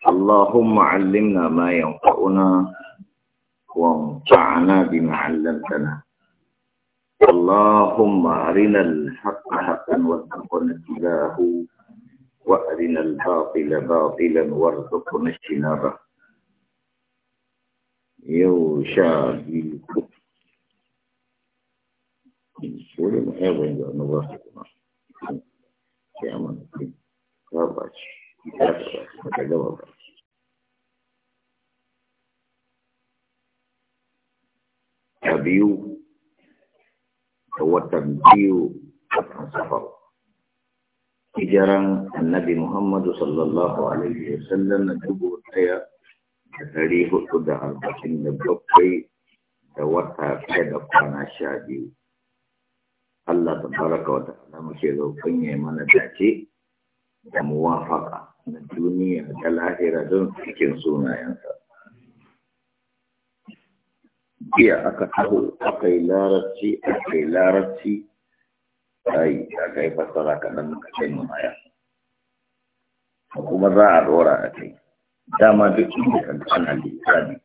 اللهم علمنا ما ينفعنا وانفعنا بما علمتنا اللهم أرنا الحق حقا وارزقنا اتباعه وأرنا الباطل باطلا وارزقنا اجتنابه يوشا بيكم. ka gama barci ta biyu da watan biyu watan annabi muhammadu sallallahu alaihi wasallam na dubu da dari hudu da arba'in da bakwai da wata ɗaya da kwana sha biyu Allah ta baraka wata ala muke roƙon ya mana dace da muwafaka na duniya da lahira don cikin sunayensa iya aka taho aka yi larabci aka yi larabci ai aka yi fasara kaɗan ka kai mamaya kuma za a rora a kai dama duk inda kan ana lissafi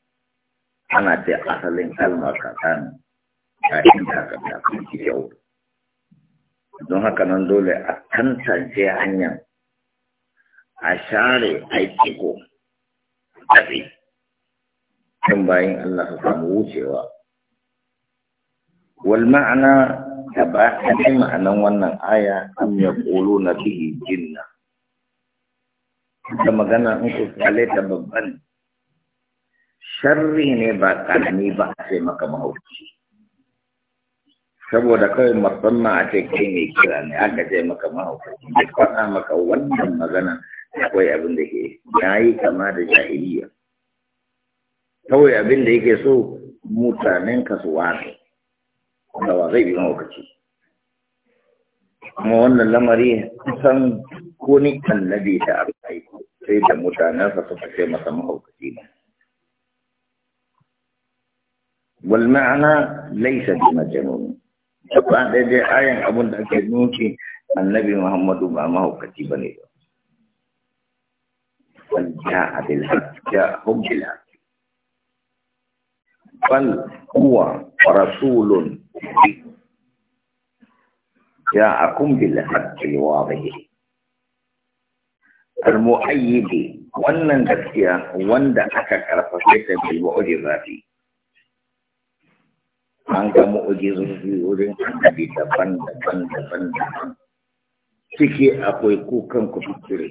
ana ce asalin kalma kaza ne ta inda ta tafi yau don haka nan dole a tantance hanyar a share aiki ko, abi tafi kan bayan Allah su samu wucewa wal ma'ana ta ba ta ma'anan wannan aya am ya ƙolo na bihi jinna ta magana in ku kale ta babban sharri ne ba ƙarami ba sai maka mahaukaci saboda kawai musamman a ce kai mai kira ne aka ce maka mahaukaci da faɗa maka wannan magana akwai abin da ke ya yi kama da jahiliya kawai abin da yake so mutanen kasuwa ne, wasu ba zai bi mahaukaci kuma wannan lamari kusan ko ni annabi da aka sai da mutanensa suka ce masa mahaukaci ne والمعنى ليس بمجنون da ba daidai ayan abin da ake nufi annabi muhammadu ba mahaukaci ba ne ba bal ja'a bil ja'ahum bil bal huwa rasulun ja'akum bil haqqi wadhihi al mu'ayyidi wannan gaskiya wanda aka karfafe ta bil mu'jizati an ga mu'ujizoji wurin annabi daban daban daban akwai kukan ku fikire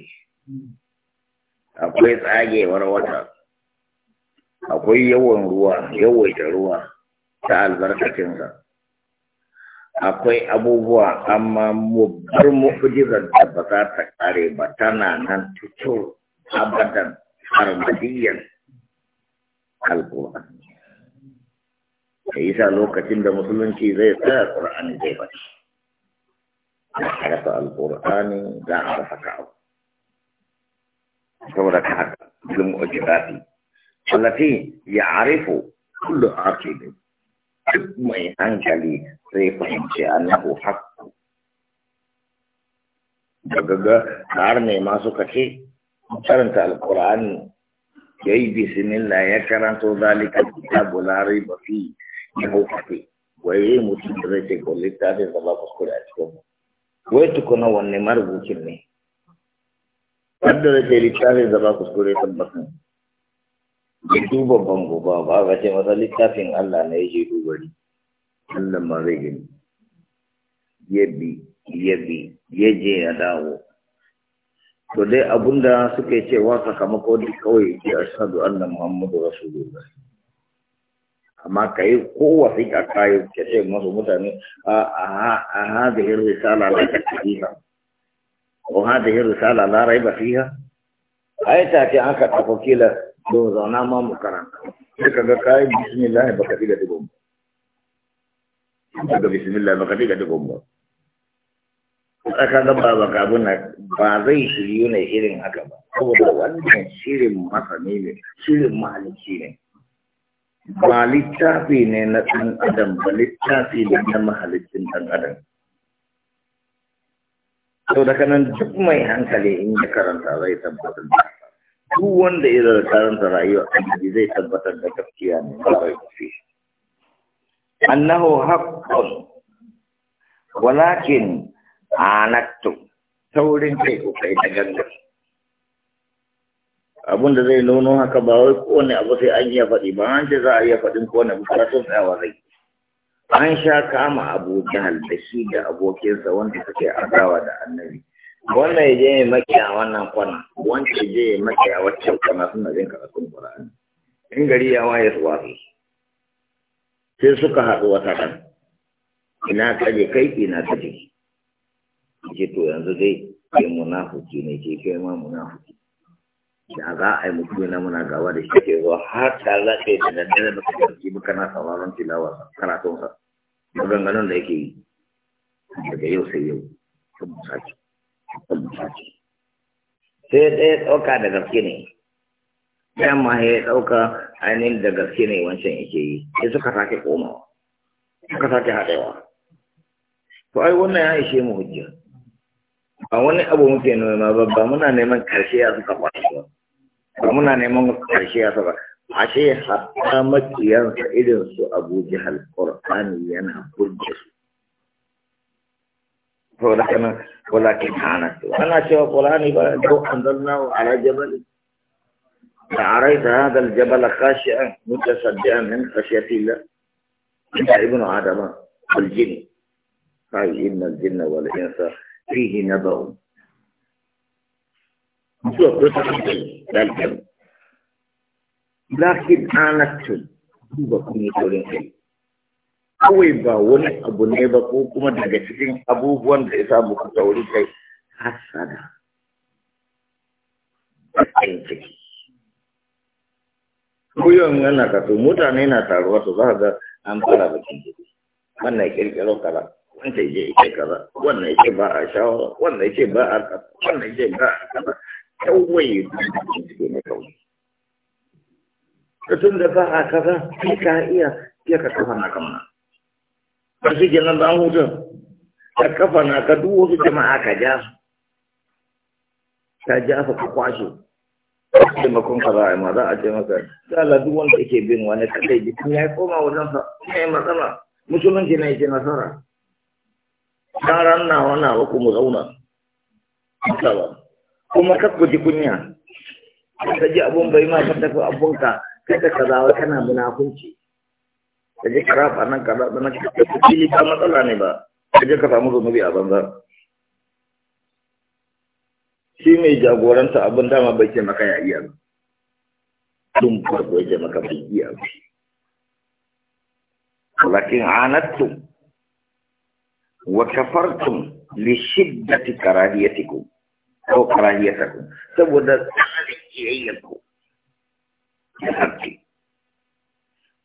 akwai tsagewar wata akwai yawan ruwa yawaita ruwa ta albarkacinsa akwai abubuwa amma mubbar mu'ujizar da ba za ta kare ba tana nan tutur abadan harmadiyyar alkur'ani da isa lokacin da musulunci zai tsaya ƙur'ani zai bace da harfa alƙur'ani za a rasa kawo saboda ka haka ilin mu'ajirati allati ya arifu kullu aqidi duk mai hankali zai fahimci annahu haqqu daga ga har ne ma suka ce karanta alƙur'ani yayi bisimillah, ya karanto zalikal kitabu la raiba fi. mu hau kafe waye mutum da zai ce ga littafin da ba kuskure a cikin mu wai tukuna wanne marubucin ne wanda zai ce littafin da ba kuskure tabbakan ya duba bango ba ba ga ce masa littafin Allah ne yake dubari Allah ma zai gani ya bi ya bi ya je ya dawo to dai abunda suke cewa sakamako duk kawai ya shaɗu anna muhammadu rasulullah amma ka yi kowace ka kayo ka ce masu mutane a hadihin risala la ta fiha ko hadihin risala la rai ba fiha ai ta ce an ka tafi kila to zauna ma mu karanta sai ka ga kayan bismillah ba ka diga digon ba daga bismillah ba ka diga digon ba tsakanin baba abin ba zai shiryu ne irin haka ba saboda wannan shirin masani ne shirin mahalicci ne ba littafi ne na ɗan adam ba littafi ne na mahalicin ɗan adam sau da kanan duk mai hankali in ya karanta zai tabbatar da duk wanda ya zara karanta rayuwa annabi zai tabbatar da gaskiya ne ba zai kufi annahu haqqun walakin anaktu taurin kai ko kai da gangan abun da zai nuno haka ba wai kowane abu sai an iya faɗi ba an ce za a iya faɗin kowane abu ba sun tsaya zai an sha kama abu jahal da shi da abokinsa wanda suke adawa da annabi wannan ya je ya a wannan kwana wancan ya je ya a wacce kwana suna jin karatun qur'ani in gari ya waye su wafi sai suka haɗu wata kan ina kaje kai ina kaje ce to yanzu dai kai munafuki ne ke kai ma munafuki da za a yi mutum na muna gaba da shi ke zuwa har ta zaɓe da dandare da kuma ɗauki muka na sauraron tilawa karatunsa maganganun da yake yi daga yau sai yau sun musaci sun musaci sai ɗaya ɗauka da gaske ne ɗayan ma ya ɗauka ainihin da gaske ne wancan yake yi sai suka sake komawa suka sake haɗewa to ai wannan ya ishe mu hujja a wani abu muke nema ba muna neman karshe ya suka faɗi ba muna neman ƙarshe ya saba ashe hatta makiyansa irin su abu jihar ƙorfani yana burge su to da kana walakin hana su ana cewa ƙorani ba da an zanna ala jabal da araita hada aljabal khashi'an mutasaddian min khashiyati Allah inda ibn adam al jinn kai inna al jinna wal insa fihi nabawun جوكو تحدي للجن duba kun yi taurin kawai ba wani abu ne ba ko kuma daga cikin abubuwan da ya samu ku taurin kai hasada bakin ciki koyon yana kasu mutane na taruwa su za ga an fara cikin jiki. wannan kirkiro kaza wanda ya ce kaza wannan ya ce ba a shawara wannan ya ce ba a kaza wannan ya ce ba a kaza kawai cikin ne Ka tun da ba a kaza sai ka iya sai ka kafa na kamar ba shi ke nan dan hutun ka kafa na ka duk wasu jama'a ka ja su ka ja su ka kwashe taimakon ka za a yi ma za a ce maka tsala duk wanda yake bin wani kadai jikin ya koma wajen sa ya yi matsala musulunci na yake nasara ta ran nawa nawa kuma zauna ba kuma ka guji kunya ka ji abun bai ma fata ko abun ka kai ka zawa kana munafunci ka ji fa nan kaza nan ka ni ba matsala ne ba ka ji ka samu zunubi a banza shi mai jagoranta abin dama bai ce maka ya iya ba tun farko ya ce maka bai iya ba lakin anattum wa kafartum li shiddati karahiyatikum أو كراهيتكم سبب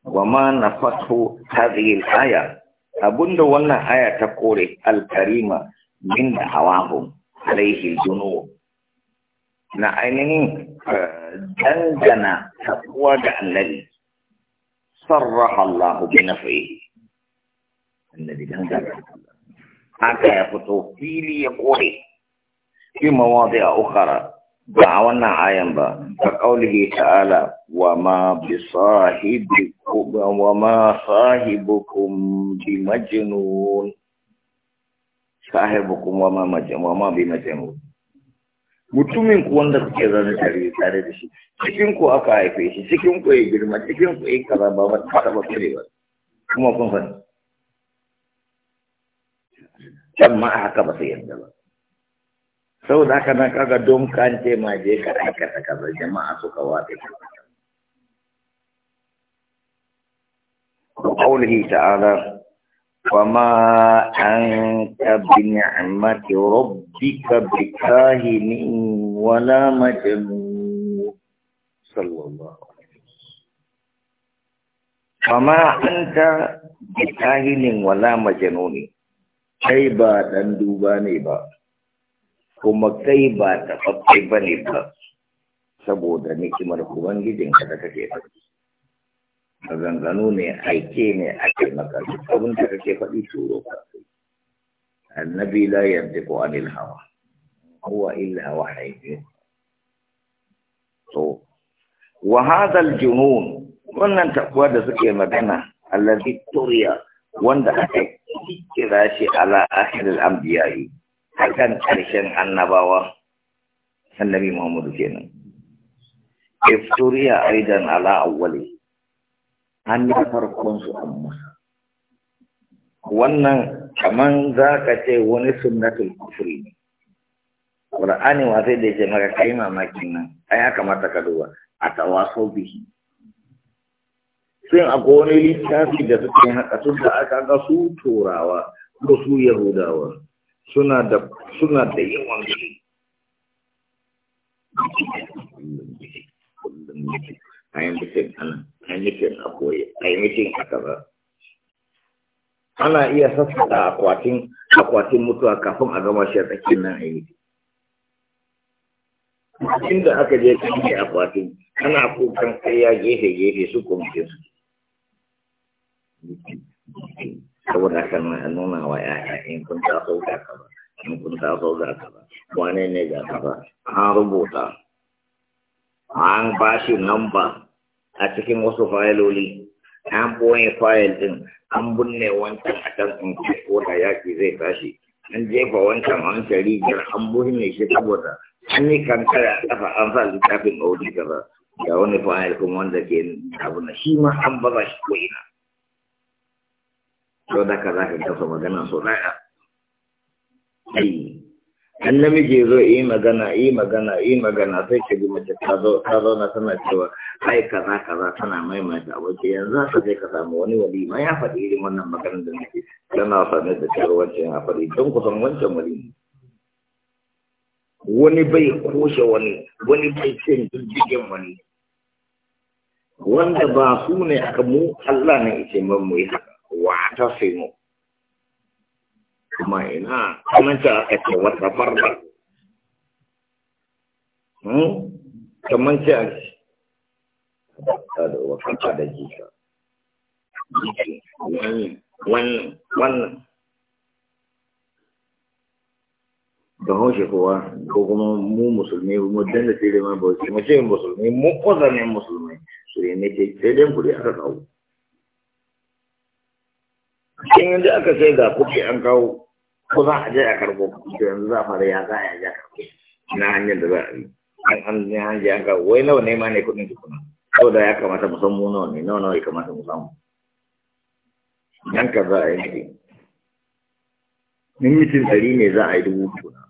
وما نفته هذه الآية أبند ولا آية تقول الكريمة من دعواهم عليه الجنوب نعيني دندنا تقوى الذي صرح الله بنفعه الذي دندنا هكذا يخطو فيلي يقول في مواضع أخرى دعونا عين كقوله تعالى وما بصاحبكم وما صاحبكم بمجنون sahibukum wa ma majnun wa ma bi majnun mutumin ku wanda kuke zaune tare tare da shi cikin ku aka haife shi cikin ku ya girma cikin ku ya kaza ba ba ta ba kare ba kuma kun san can ma haka ba sai yanda ba saboda haka na kaga don kan ce ma je ka aika kaza jama'a su kawa ta kaza. Kaulihi ta'ala, wa ma an ta bi ni'amati rabbika bi kahinin wala majnun ma an ta kai ba dan duba ne ba kuma kai ba ta faɗi ba ne ba saboda nikimar ubangijin ka da kake A zanzano ne aike ne ake maka abin da kake faɗi turo ka annabi la ko anil hawa huwa illa wahyi to wa hadha al-junun wannan takwa da suke magana Allah Victoria, wanda aka kira shi ala akhir al-anbiya'i a kan ƙarshen annabawa annabi Muhammadu kenan ifturiya aidan ala awwali an farkon su amma wannan kaman za ka ce wani sunnatul kufri ne Qur'ani wa sai da ya ce maka kai mamakin nan ai aka kamata ka duba a tawaso bihi sai akwai wani littafi da suke haka tun da aka ga su turawa ko su yahudawa suna da suna da yawan gaske ana iya sassaɗa akwatin akwatin mutuwa kafin a gama shi a tsakiyar nan a yi inda aka je kan yi akwatin ana kukan kai ya gefe gefe su kuma su saboda haka a nuna wa ya'ya in kun taso ga ka ba in kun taso ga ka ba wane ne ga ka ba an rubuta an ba shi namba a cikin wasu fayiloli an boye fayil din an binne wancan a can in ko da yaƙi zai tashi an jefa wancan an rigar an binne shi saboda an yi kankara a kafa an sa littafin audi kaza ga wani fayil kuma wanda ke na shi ma an baza shi ko ina sau da ka za ka kafa magana so ɗaya an namiji zo yi magana yi magana yi magana sai ka ji mace ta zauna tana cewa ai kaza kaza tana maimaita waje yanzu za je ka samu wani wali ma ya faɗi irin wannan maganar da nake tana sanar da cewa wancan ya faɗi don kusan wancan wali wani bai koshe wani wani bai cin jirgin wani wanda ba su ne aka mu Allah ne ya ce mu yi haka واعتصموا kuma ina kamanta aka ce wata farba hmm? kamanci a ce wata da jika wannan wannan don haushe kowa ko kuma mu musulmi mu danda tsere ma ba su mace musulmi mu kwazanin musulmi su yi ne ke sai dai kuri aka kawo in yanzu aka sai ga kuɗi an kawo ko za a je a karɓo kuɗi yanzu za a fara ya za a ja na hanyar da za a yi an an ne an je an kawo wai nawa ne ma ne kuɗin kuma ko da ya kamata mu san mu nawa ne nawa nawa ya kamata mu samu dan ka za a yi ne in mutum ɗari ne za a yi dubu tukuna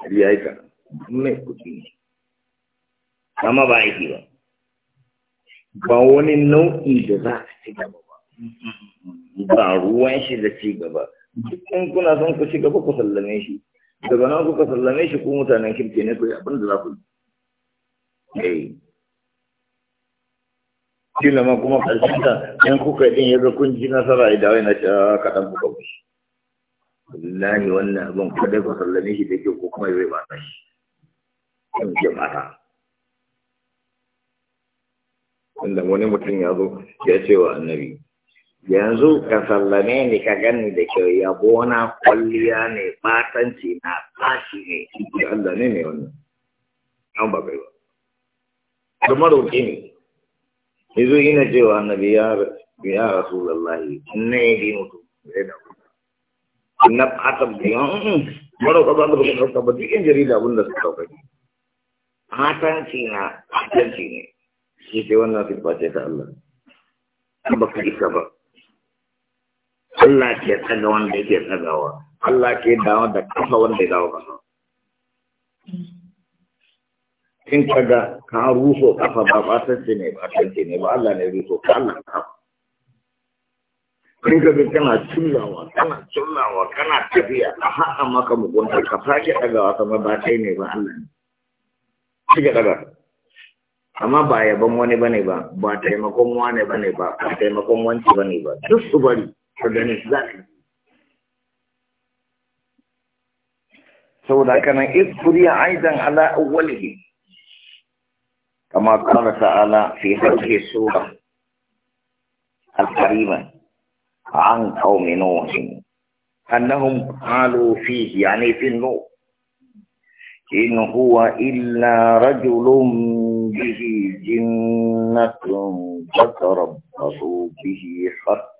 ɗari ya yi ka mai kuɗi ne amma ba aiki ba ba wani nau'i da za a ci gaba ba ruwan shi da ci gaba in kuna son ku ci gaba ku sallame shi daga nan kuka sallame shi ku mutanen kirki ne ku yi abin da za ku yi kila eh. ma kuma ƙarshen ta Yan kuka din ya ga kun ji nasara idan wai na ci kaɗan kuka shi wallahi wannan abin dai ku sallame shi da kyau ko kuma zai ta shi in ke mata wanda wani mutum ya zo ya ce wa annabi yanzu ka sallame ni ka gani da kyau yabo na kwalliya ne batanci na tashi ne ki Allah ne ne wannan an ba kai ba kuma roƙi ne yanzu ina cewa annabi ya ya rasulullahi inna yadi mutu zai da na fata biyan mm, mm, mm. maro ka ba ka ka ba cikin jarida abin da suka kai batanci na batanci ne shi ce wannan sifa ce ta Allah ba ka isa ba Allah ke tsaga wanda yake tsagawa Allah ke dawo da kafa wanda ya dawo kafa in kaga ka ruso kafa ba ba tantance ne ba ce ne ba Allah ne ruso ka Allah kafa in ka ga kana cullawa kana cullawa kana tafiya a haɗa maka mugunta ka sake ɗagawa kamar ba kai ne ba Allah ne shi ga ɗaga amma ba yaban wani bane ba ba taimakon wani bane ba ba taimakon wanci bane ba duk su bari organization saboda haka nan iskuriya aidan ala awwalihi kama qala ta'ala fi hadhihi sura al-karima an qaumi nuh annahum qalu fihi yani fi nuh إن هو إلا رجل به جنة فتربصوا به حتى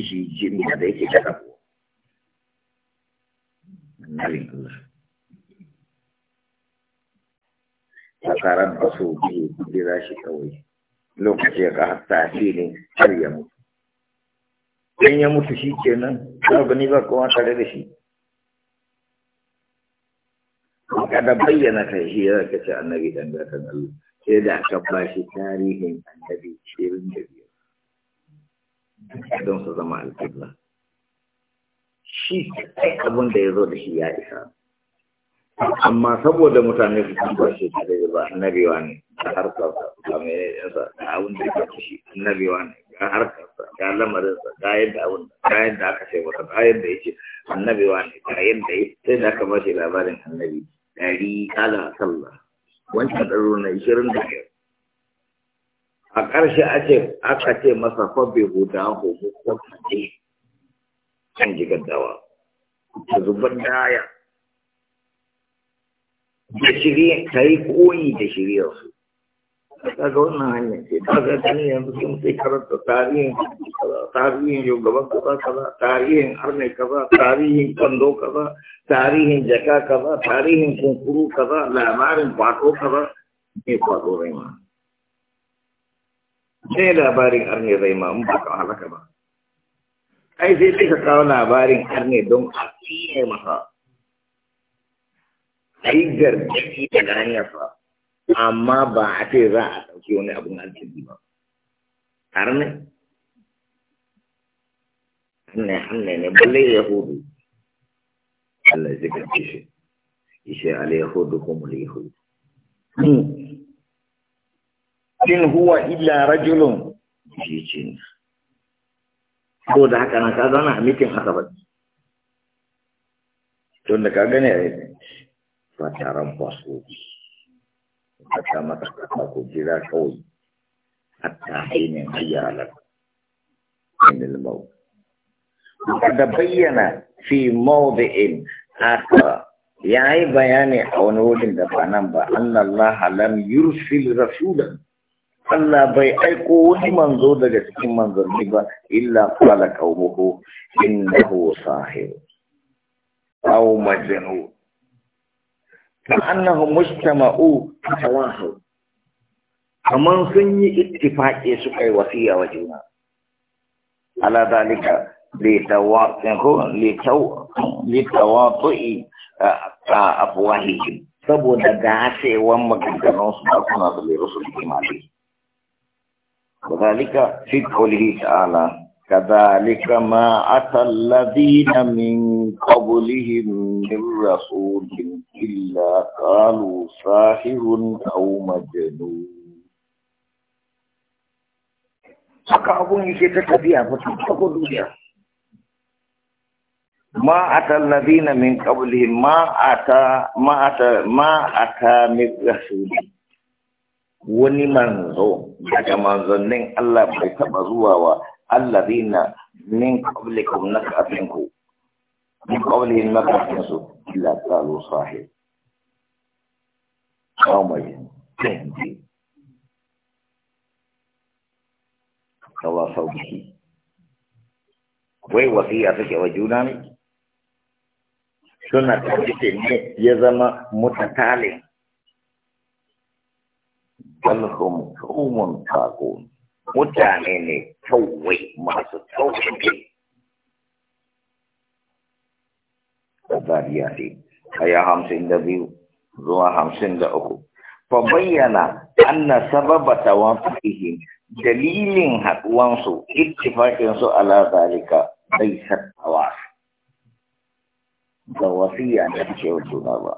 shi jimya da yake daga Allah takarar da so biyu kudira shi kawai lokaci ya ka hatta filin har ya mutu in ya mutu shi kenan ba ni ba kowa tare da shi kada bayyana kai shi ya kace a dan gatan Allah sai da aka bashi shi tarihin annabi 25 don su zama alƙibla shi kai abin da ya zo da shi ya isa amma saboda mutane su kan ba shi da ba annabiwa ne da harkarsa ga mai yansa da abin da ya shi annabiwa ne ga harkarsa ga lamarinsa ga yadda abin ga yadda aka ce masa ga yadda ya ce annabiwa ne ga yadda ya sai da aka ba shi labarin annabi dari ala sallah wancan ɗaro na ishirin da biyar a ƙarshe ake aka ce masa fabe guda hudu ko kaɗe kan ji gaddawa ta zubar daya da shirye ta yi koyi da su ta ga wannan hanyar ce ta ga gani yanzu sun sai karanta tarihin tarihin shugaban kaza kaza tarihin arnai kaza tarihin kwando kaza tarihin jaka kaza tarihin kunkuru kaza labarin kwato kaza ne kwato rai ma sai labarin arne zai ma in ba ka halaka ba. Ai sai sai ka kawo labarin arne don a tsine masa. A yi gargaɗi daga fa amma ba a ce za a ɗauki wani abin aljibi ba. Arne? Arne, arne ne, balle hudu Allah zai karfi shi. shi al-Yahudu kuma in huwa illa rajulun shi ce ne ko da haka na ka zana a mitin haka ba tun da ka gane a yi fataran fasoji haka mata kasa ko jira kawai hatta hainin hayyalar min al-maut da bayyana fi mawdi'in akhar yayi bayani a wani wurin da ba nan ba annallaha lam yursil rasulan Allah bai aiko wani manzo daga cikin manzanni ba illa qala qaumuhu innahu sahir aw majnun annahu mustama'u tawahu Kamar sun yi ittifaqi su kai wasiya wa juna ala dalika litawatu'i afwahihim saboda gasewan maganganun su da kuna da lirusul وذلك في قوله تعالى كذلك ما أتى الذين من قبلهم من رسول إلا قالوا ساحر أو مجنون haka abun yake ta tafiya ba ta tako duniya ma ata alladhina min qablihim ma ata ma ata ma ata min rasulin wani manzo daga manzannin Allah bai taba zuwa wa allazina min qablikum nakafinku min qablihim nakafinku illa qalu sahib kawai tanti kawa sauki wai wasiya suke wa juna ne suna ce ne ya zama mutatalin فلهم هم منطقون متعنين توي ماسو توي وبرياري خيا همسين دبيو روا همسين دأخو فبينا أن سبب توافقهم دليل حق وانسو اتفاق انسو على ذلك ليس التواف توافيا نبكي وجنا الله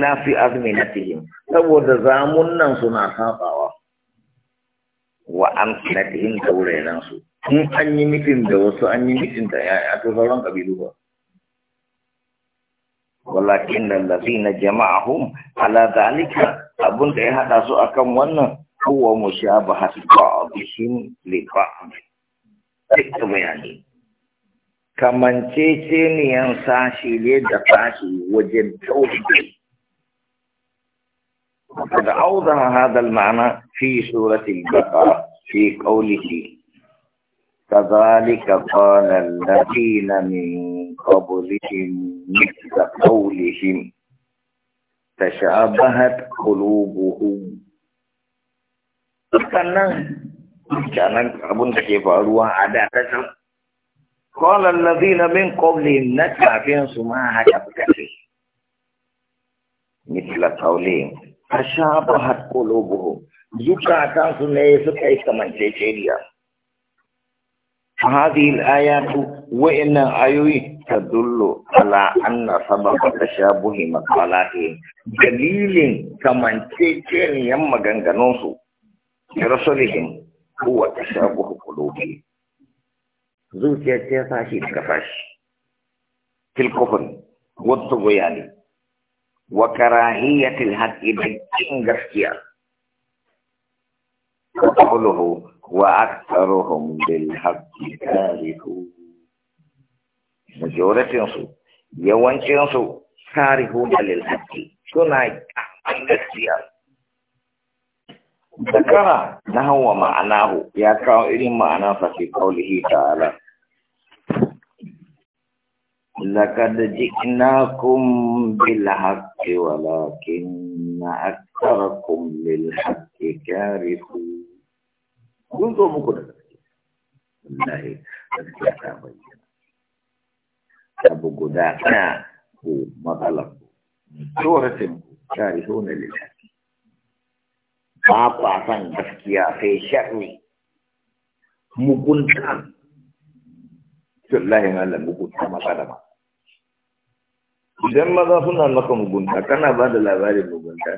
na azminatihim saboda zamun nan suna sabawa wa amsinatihim nan su in an yi mitin da wasu an yi mitin da yaya a sauran kabilu ba walakin allazina jama'ahum ala zalika abun da ya haɗa su akan wannan mu hasu ba a bishin lefa a mai kamanceceniyan sashi ne da sashi wajen tauhidi وقد أوضح هذا المعنى في سورة البقرة في قوله كذلك قال الذين min qablihim mithla qawlihim tashabahat qulubuhum karena jangan abun kecewa ruang ada tetap قال الذين من قبلهم نكافين سما هكذا مثل قولهم فشابهت قلوبهم زكاة سنة سكا يستمن تشيريا فهذه الآيات وإن آيوي تدل على أن سبب تشابه مقالاتهم دليل كمن تشيريا مغنغنوسو لرسلهم هو تشابه قلوبهم زوجتي تيسا شي في الكفر والطغيان وكراهية الهدء بالإنجفتيا وقوله وأكثرهم بالحق كارهو مجورة تنسو يوان تنسو كارهون للحق سنعي أحمدتيا ذكر نهو معناه يا كائن معناه في قوله تعالى لقد جئناكم بالحق ولكن أكثركم للحق كارثون قلت مكنا والله gaskiya ta bayyana abu guda ɗaya ko matsalar ku tsoratin ku shari hona lissafi ba kwa san gaskiya sai sharri mugunta wallahi malam mugunta matsala ba idan maza suna maka mugunta kana ba da labarin mugunta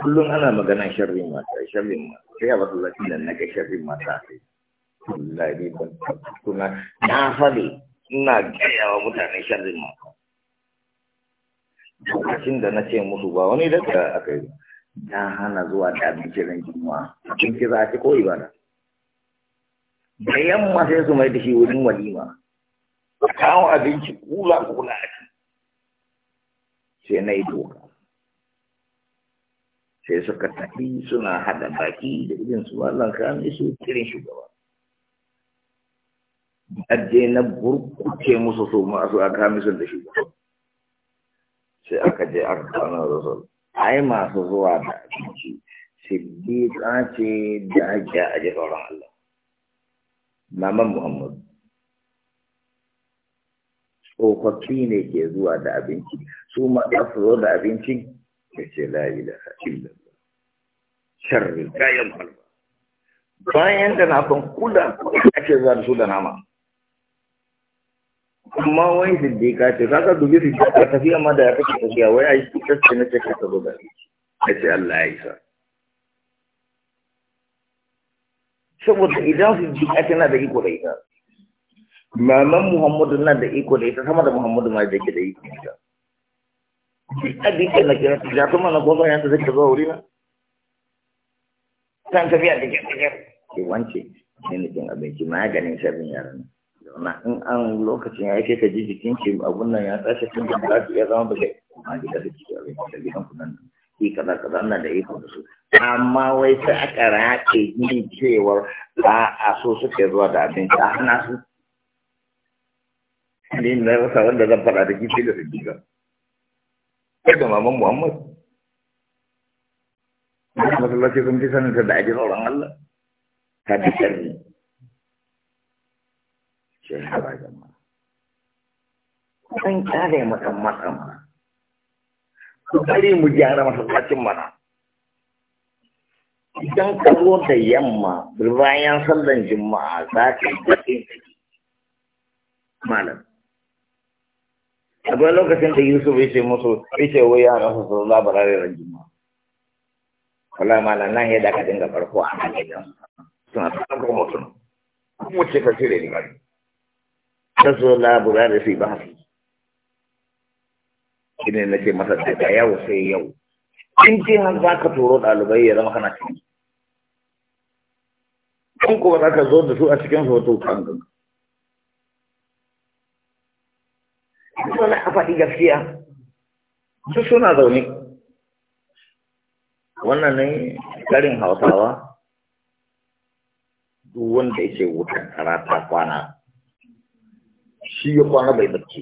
kullum ana magana sharrin mata sharrin mata sai a wasu zafi da naga sharrin mata sai lari ban tattuna na fari ina gaya wa mutane sharrin mata lokacin da na ce musu ba wani da aka yi na hana zuwa da abincin ran jimuwa cikin kira ta koyi ba ko ibada da yamma sai su mai da shi wurin walima kawo abinci kula kula a sai na yi doka sai suka tafi suna hada baki da irin su wallan kame su kirin shugaba aje na burkuce musu su masu a da shugaba sai aka je aka rasul ai masu zuwa da abinci siddiqa ce da ake aje tsoron Allah maman muhammadu tsofaffi ne ke zuwa da abinci su ma su zo da abinci ya ce la'i da haƙin da zuwa sharri kayan halba bayan da na kan kula ake zuwa da su da nama amma wani siddiƙa ce ka dubi ka tafiya ma da ya kake tafiya wai a yi kacce na ce ka zo da abinci ya ce Allah ya yi sa. saboda idan siddiƙa tana da iko da ita maman muhammadu na da iko da ita sama da muhammadu ma da ke da iko da ita abin na kira ta jato mana ko bayan da zai zuwa Na kan tafiya da ke tsaye ke wance ne ne jin abinci maganin sharrin yaran na na in an lokacin ya yi ka ji jikin ki abun nan ya tashi tun da za ki iya zama ba kai ma gida da cikin abinci da gidan ku nan shi kaza kaza na da iko da su amma wai sai aka rake yin cewar ba a so suke zuwa da abinci a hana su ni na rasa wanda zan faɗa da kifi da sadiqa kai da maman muhammad wani masallaci sun fi sanin ta da ajiyar tsoron allah ta bi sharri shi haɓa jama'a an kyale mata mata mana ku bari mu gyara masallacin mana idan ka zo da yamma bayan sallan juma'a za ka yi daɗin ciki malam akwai lokacin da yusuf ya ce musu ya wai ya su su za barare ran jima wala malam nan yadda ka dinga farko a kan gidan suna ta kuma mutum kuma ce ka cire ni bari ta zo la da su ba fi na ce masa daga yau sai yau in ce har za ka turo ɗalibai ya zama kana ciki in kuma za ka zo da su a cikin hoto kan dole a faɗi gaskiya su suna zaune wannan ni? garin hausawa duk wanda yake wutan karata kwana shi kwana bai barci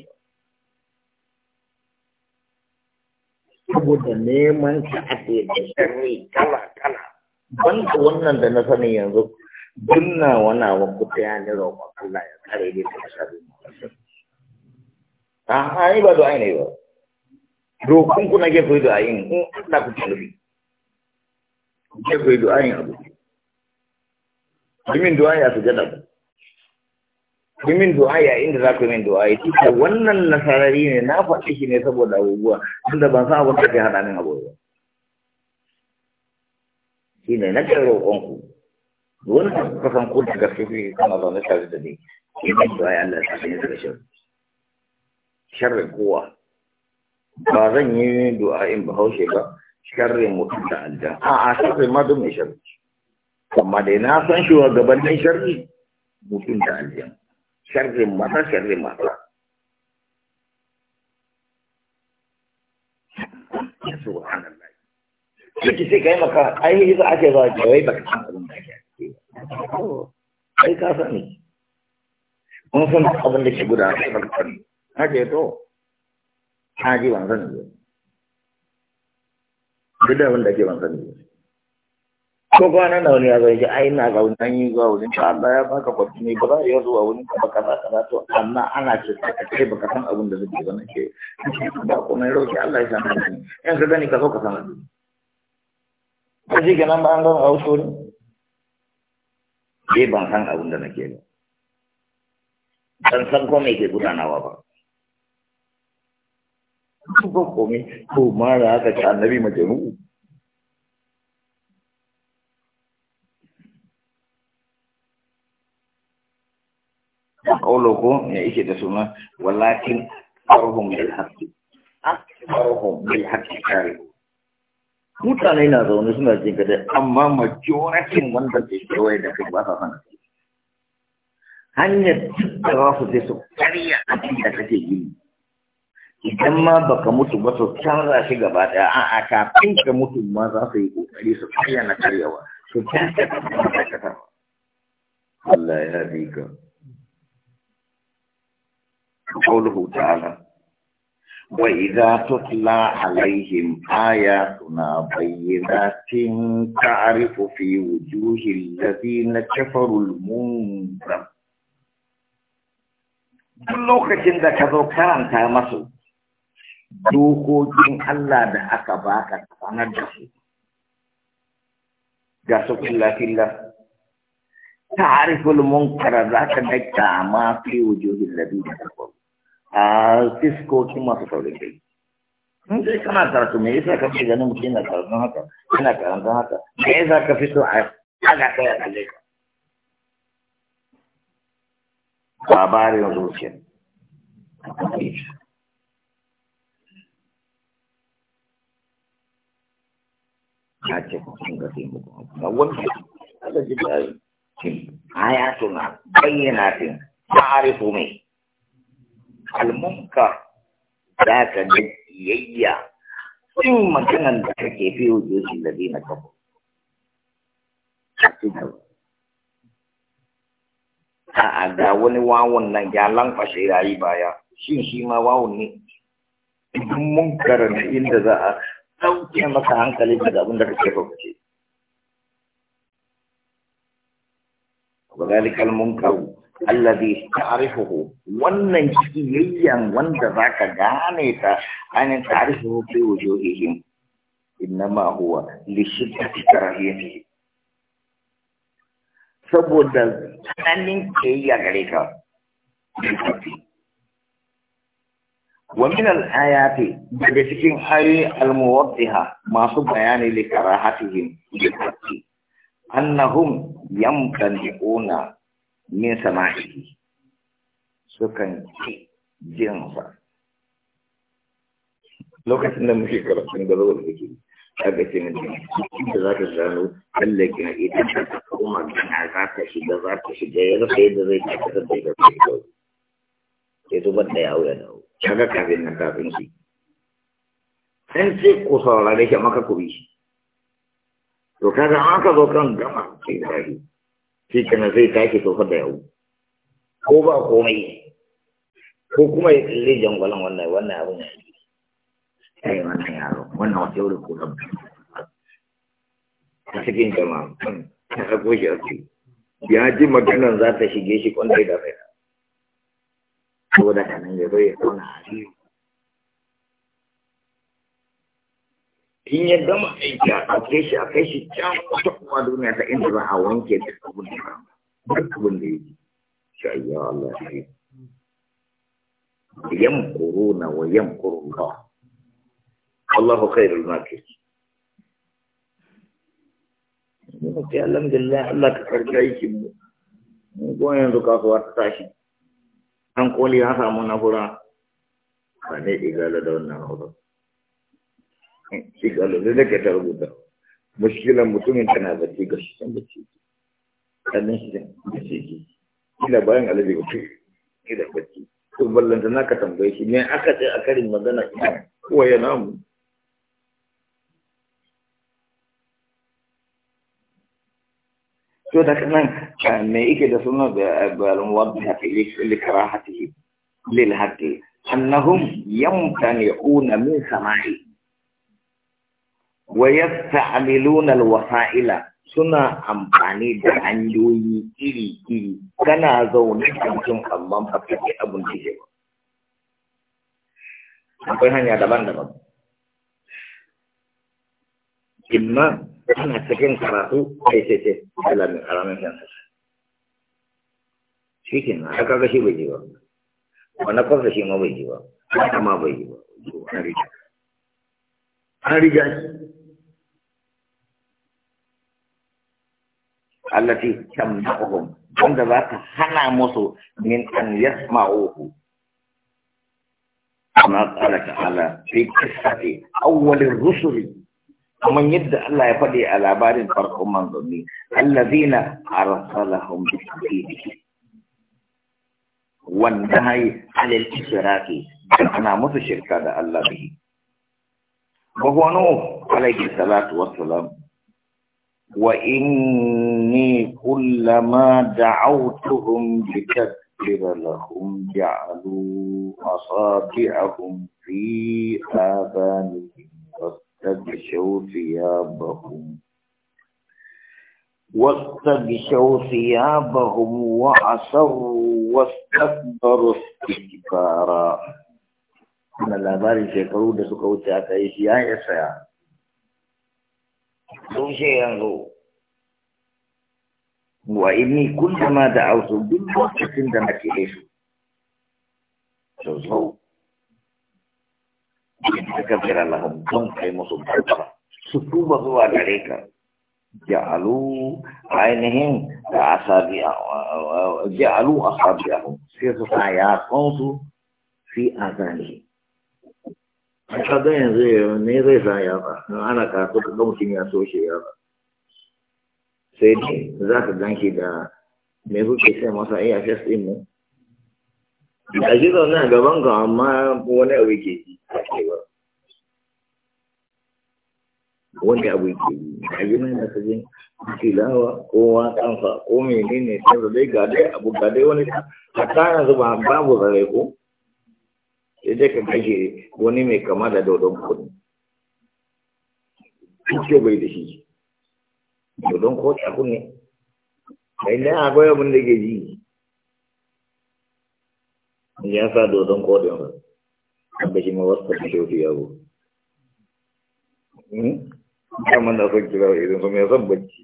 saboda neman ka da sharri kala kala banda wannan da na sani yanzu dunna wani abu kuta ya ne roƙon Allah ya tsare ne A'a, ai ba du'a yi ba. Rokon ku nake koyi du'a yin in ke nufi. Ku abu. ya sujada ku. Kumin du'a ya inda za ku min du'a yi. Tunda wannan nasarari ne na faɗi shi ne saboda abubuwa tunda ban san abin da ke haɗa min abubuwa. Shi ne na kuda kerja ku. Wani kuka san ku da gaske ya Allah sharrin kowa ba zan yi du'a'in bahaushe ba sharrin mutum da aljan a a sharrin ma don mai sharri amma dai na san shi wa gabanin sharri mutum da aljan sharrin mata sharrin mata subhanallah sai ka yi maka ai za a ce ba wai baka san abin da ke oh. ai ka sani mun san abin da ke gudana sai baka sani ake to ko kwanan da ya zo yake ai ina ga wani yi zuwa wurin ka Allah ya baka kwafi ne ba za a zuwa wurin ka kaza kaza to amma ana ce ka kai baka san abin da zai ba nake ba roki Allah ya san ni in ka gani ka so ka san ni ka ji ga nan ba an ga a ban san abin da nake ba ban san ko me ke gudanawa ba ba komai to mara aka ci annabi majanu'u ƙaunar ko ya ishe da suna walakin ƙarhun bil haƙƙi ƙarhun bil haƙƙi kare mutane na zaune suna jin gada amma majoratin wanda ke kewaye da kai ba sa sana hanyar da za su je su karya abin da kake yi. idan ma baka mutu ba to tsara shi gaba daya a a kafin ka mutu ma za su yi kokari su tsaya na karyawa to Allah ya bi ka ta'ala wa idza tutla alaihim ayatuna bayyinatin ta'rifu fi wujuhi alladhina na al-munkar Duk lokacin da ka zo karanta masu dokokin Allah da aka baka sanar da su ga su filla filla ta'riful munkara zaka ga kama fi wujuhil ladina kafaru a fiskokin masu saurin kai in dai kana karatu me yasa ka fi ganin mutum na karatun haka yana karatun haka me yasa ka fi so a haga kai a kalle ka labarin zuciya ya ce ga sai muku ga wannan kada ji da ayatuna bayyanatin mai al-munkar ka ga kiyayya in maganan da kake fi wujudu ladina kafu ga wani wawon nan ya lankwashe rayu baya shin shi ma wawon ne mun karanta inda za a ɗauke maka hankali daga abin da kake kwamce. Wadalik Allah munkaru alladhi ta'rifuhu wannan kiyayyan wanda zaka gane ta an ta'rifuhu fi wujuhihim innama huwa li shiddati karahiyatihi saboda tsananin kiyayya gare ka ومن الآيات بجسكين حي الموضحة ما بيان لكراهتهم بالحق أنهم يمتنعون من سماعه سكن جنسا lokacin da muke karatun da zuwa da ke kaga ce da za ka gano Allah kina idan ka koma kana shiga za ka shiga ya yadda zai ka da kai ya da ya ya dawo kaga kafin nan kafin shi in ce ku saurare shi maka ku bi shi to kaga an ka zo kan gama sai tashi shi kana zai tashi to fa da yau ko ba komai ko kuma ya tsalle jangwalan wannan wannan abin ya yi ai wannan yaro wannan wata yau da ku da a cikin jama'a ta ko shi a ya ji maganan za ta shige shi kwanda ya da mai ko daga nan ya zo ya zauna a biyu in ya gama aiki a ɗauke shi a kai shi can wata kuma duniya ta inda za a wanke duk abin da ya duk abin da ya ji shi ayya Allah ya yi yamkuruna wa yamkuru Allah Allahu khairul makirin mu ce alhamdulillah Allah ka karbi aikin mu mu yanzu kasuwa ta tashi an koli ya samu na fura ba ne igala da wannan hausa igala da da ta rubuta mushkilan mutumin tana bacci ga shi can bacci kallon shi can bacci ki kila bayan alabi ba ce da bacci to ballanta na ka tambaye shi ne aka ce a karin magana ina kuwa ya namu to daga nan كان ميك دسونا بالموضح لكراحته للهد أنهم يمتنعون من سماعي ويستعملون الوسائل سنة أمباني دعنجوي إلي إلي كنا زون كنتم أمام أبتدي أبن تجيب أقول هنيا دبان دبان إما أنا سكين كراتو أي سي إيه، سي إيه. ألا ٹھیک ہے نا ہر کا بھی جیو انا کو بھی شیما بھی جیو اتما بھی جیو ہری ہری جان التي تمنعهم من ذلك حنا موسو من ان يسمعوه أنا ذلك على في قصة أول الرسل من يد الله يفدي على بار فرق من ظني الذين أرسلهم بالتوحيد والنهي عن الإشراك أنا مثل هذا الله به وهو نوح عليه الصلاة والسلام وإني كلما دعوتهم لتغفر لهم جعلوا أصابعهم في آذانهم واستبشوا ثيابهم واستبشوا ثيابهم وعصروا واستكبروا استكبارا أنا لا باري في قرود سكو تاكايش يا كل شيء ينظر وإني كلما دعوت بالوقت عندما كيسو سوزو تكبر لهم كم كيمو سبحانه سكوبة عليك Jalu ainihin da asabi jalu asabi sai su sa ya kansu fi azani ka ga yanzu ne zai sa ya ba ana karatu ka ga mutum ya so shi ya kita za ka me kuke masa iya fes din jadi tu nak gabung kau gaban punya amma wani ke wani abu ke a yi na ta jin tilawa ko wakansa ko ne sai da dai gade abu gade wani ta yanzu zuba babu zare ko sai dai ka gaje wani mai kama da dodon kuɗi kuke bai da shi dodon kuɗi a kunne sai a akwai mun da ke ji ya sa dodon kuɗin ba abin shi ma wasu kashe shi yawo hmm? dama na son kira wa irin zama ya zan bacci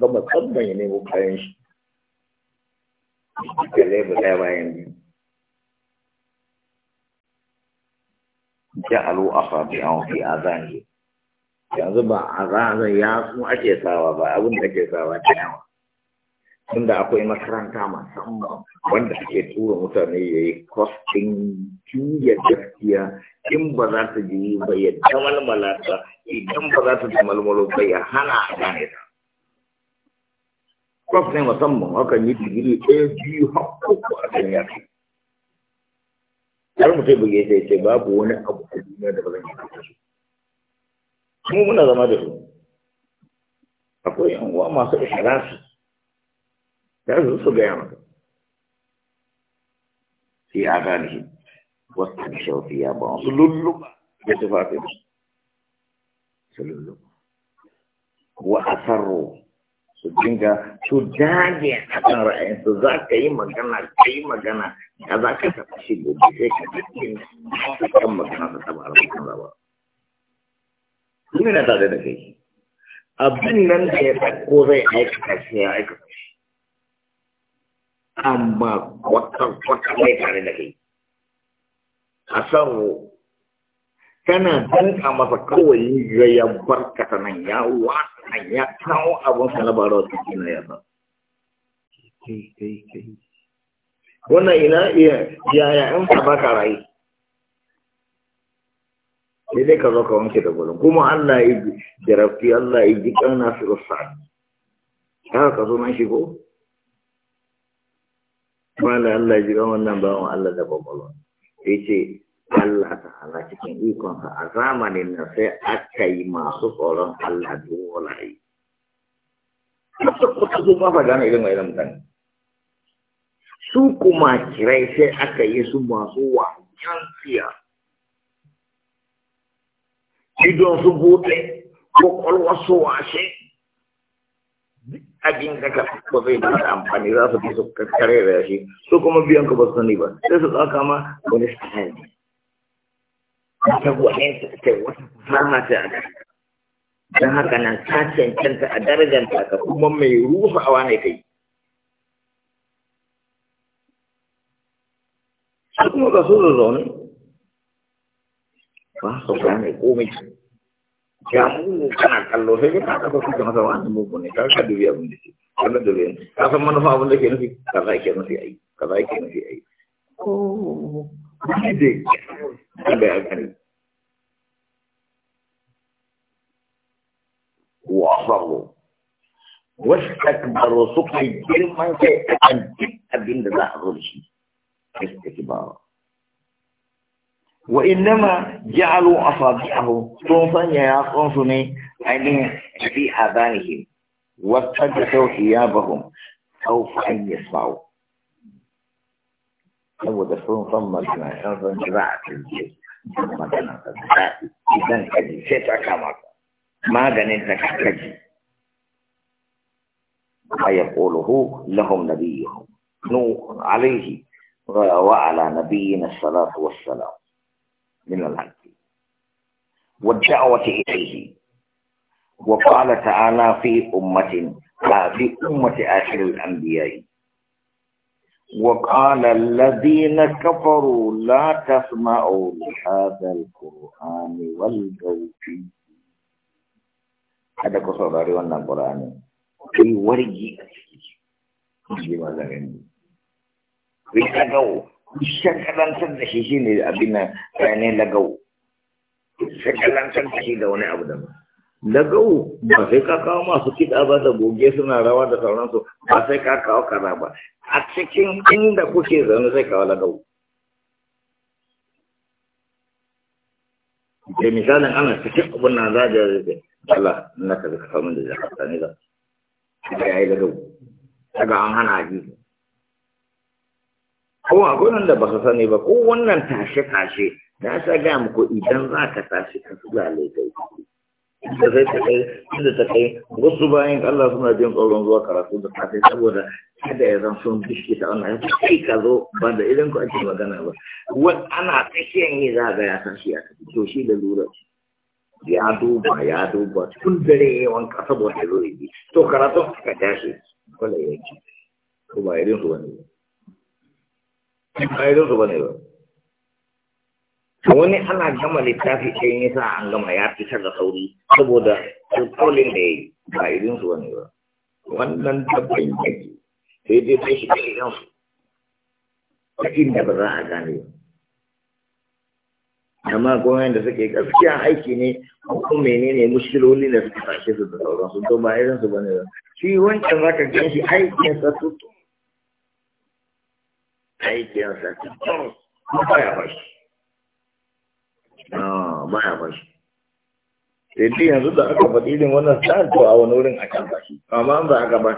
ga musamman ya nemo kayan shi da laifin ɗaya bayan biyu ja'alu asabi'an fi azanihi yanzu ba azan ya su ake sawa ba abin da ke sawa ciyawa tunda akwai makaranta musamman wanda suke tura mutane ya yi kwastin juya gaskiya in ba za ta ji ba ya damalmala ta idan ba za ta damalmalo ba ya hana a gane ta Kwastin musamman akan yi digiri ɗaya biyu haƙƙoƙo a kan yaki har mutum buge sai ce babu wani abu a duniya da ba zan yi da su mu muna zama da su akwai yan uwa masu ikhlasi da su su gaya maka fi adanihi wata da shaufi ya ba su lulluɓa da tufafin su lulluɓa wa a asarro su dinga su dage a kan su za ka yi magana ka yi magana ya za ka tafi shi gobe sai ka tafi. da kan magana ta taɓa arzikin zaba. Ina tare da kai. Abin nan da ya ko zai aikata shi ya aikata shi. amma kwata-kwata mai tare da kai a sanwo kana a masa kawai ga ya nan ya kawo abin sa wannan ina iya yaya rai sai dai ka zo ka wanke da kuma Allah ya ya ka zo nan ko. Mala Allah ji ga wannan bawan Allah da bakwalwa. Ya ce, Allah ta'ala cikin ikonsa a zamanin na sai aka yi masu tsoron Allah dolaye. Masu kuta su ba gane irin wa'ilin mutane. Su kuma kirai sai aka yi su masu wajen siya. Idon su buɗe, kwakwalwa su washe, abin da ka ba zai ba da amfani za su fi su kakkare da shi su kuma biyan ka ba su sani ba sai su tsaka ma wani style ta gwanin su ta wata fama ta don haka nan ta cancanta a darajanta ka kuma mai rufa awa ne kai su kuma ka so da zaune ba su gane komai ya kana kallo sai ka kada ba su ga masa wani ne ka ka da ke kana ka kaza yake nufi ai kaza yake nufi ai ko ne da kada ya kare wa sabu wastakbaru suka girman kai akan da za a zo da shi istikbaru وإنما جعلوا أصابعه طوفا يقنصني عينهم في آذانهم واتجسوا ثيابهم خوفا أن يسمعوا saboda sun san magana sun san kira a cikin magana ta daɗi idan ka ji sai ta kama ka maganin ta ka ji ma ya ƙoluhu lahum nabiyuhum nuh alaihi wa ala nabiyina salatu wassalam من الحق والدعوة إليه وقال تعالى في أمة في أمة آخر الأنبياء وقال الذين كفروا لا تسمعوا لهذا القرآن والجو فيه هذا قصر روانا القرآن في ورقي أسكي في ماذا أسكي في shakalantar da shi shi ne abin nan bayanai lagau shakalantar da shi da wani abu da lagau ba sai ka kawo masu kiɗa ba da goge suna rawa da sauransu ba sai ka kawo kaza ba a cikin inda kuke zaune sai kawo lagau da misalin ana cikin abin nan za da zai Allah na ka zaka kawo min da zaka tsani da ya yi lagau daga an hana ajiyu ko akwai wanda ba su sani ba ko wannan tashe-tashe na sa ga muku idan za ka tashi ka sulale kai da zai ta kai inda ta kai wasu bayan Allah suna jin tsoron zuwa karatu da safe saboda kada ya zan sun bishi ta wannan yanzu kai ka zo ba da idan ku ake magana ba wani ana tsakiyar yi za ga ya tashi a tafi to shi da lura ya duba ya duba tun dare yawan ka saboda ya zo to karatun ka tashi kwallo ya ko ba irin su wani ba ya zo ne ba wani ana gama littafi ɗayan yasa an gama ya fitar da sauri saboda alƙawalin da ya yi ba irin su wani ba wannan dabban yake sai dai sai shi kai idan su ta inda ba za a gane ba amma kuma da suke gaskiya aiki ne ko menene mushkiloli da suka sashe su da sauransu to ba irin su bane ba shi wancan zaka gan shi aikin sa su aikinsa cikin baya bashi ah, baya bashi sai eh, yanzu da aka faɗi irin wannan sa'adu a wani wurin a can bashi amma ba aka ba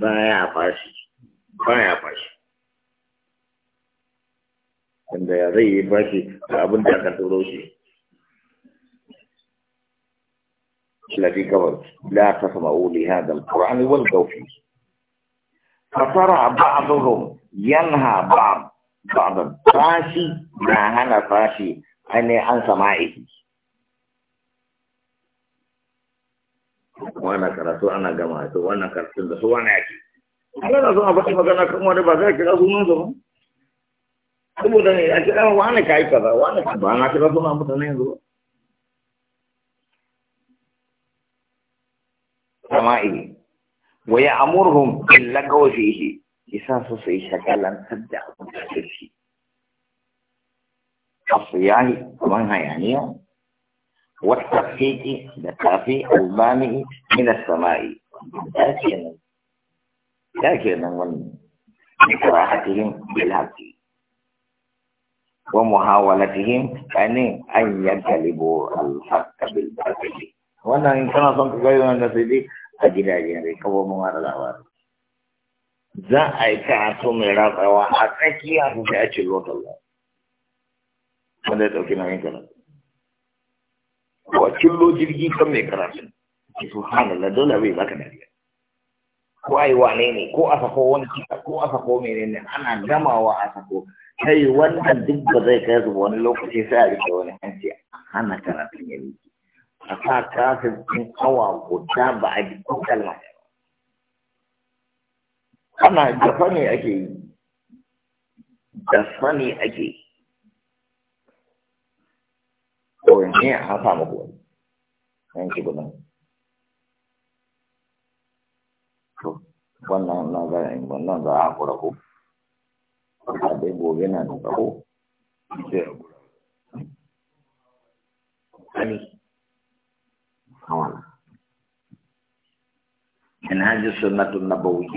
baya bashi baya bashi inda ya zai yi bashi da abin da aka turo shi الذي قبل لا تسمعوا لهذا القرآن wani gaufi. fatara ba'duhum yanha ba'd ba'd na hana fasi ane an sama iki wana karatu ana gama to wana karatu da wana yake ana da zuwa ba kuma kana kuma da ba za ah, ka zo nan zuwa kuma da ne a cikin wani kai ka ba wani ka ba na kira zo nan mutane yanzu sama iki ويأمرهم باللغو فيه يساسو في شكلا تبدأ فيه الصيام ومنها يعني والتخفيق للتعفي ألبانه من السماء لكن لكن من إكراحتهم بالحق ومحاولتهم أن يجلبوا الحق بالباطل وأنا إن كان صنعت غير النسيدي a gidajen rai kawo mu mara labari za a yi karatu mai ratsawa a tsakiya su sai a ce lotan la wanda ya ɗauki nauyin karatu wa cillo jirgi kan mai karatu ki su hana da dole bai baka dariya ko ai wane ne ko a sako wani kika ko a sako ne ana gamawa a sako kai wannan duk ba zai kai zuwa wani lokaci sai a rike wani hanci hana karatun ya rike a sa kafin ɗin awa guda ba a bi ko kalma ana dafa ne ake yi dafa ne ake yi ne a hasa muku wani yanki gudan to wannan na ga wannan za a kura ko a dai gobe na da tsaho sai a kura ani حوالا هذه السنة النبوية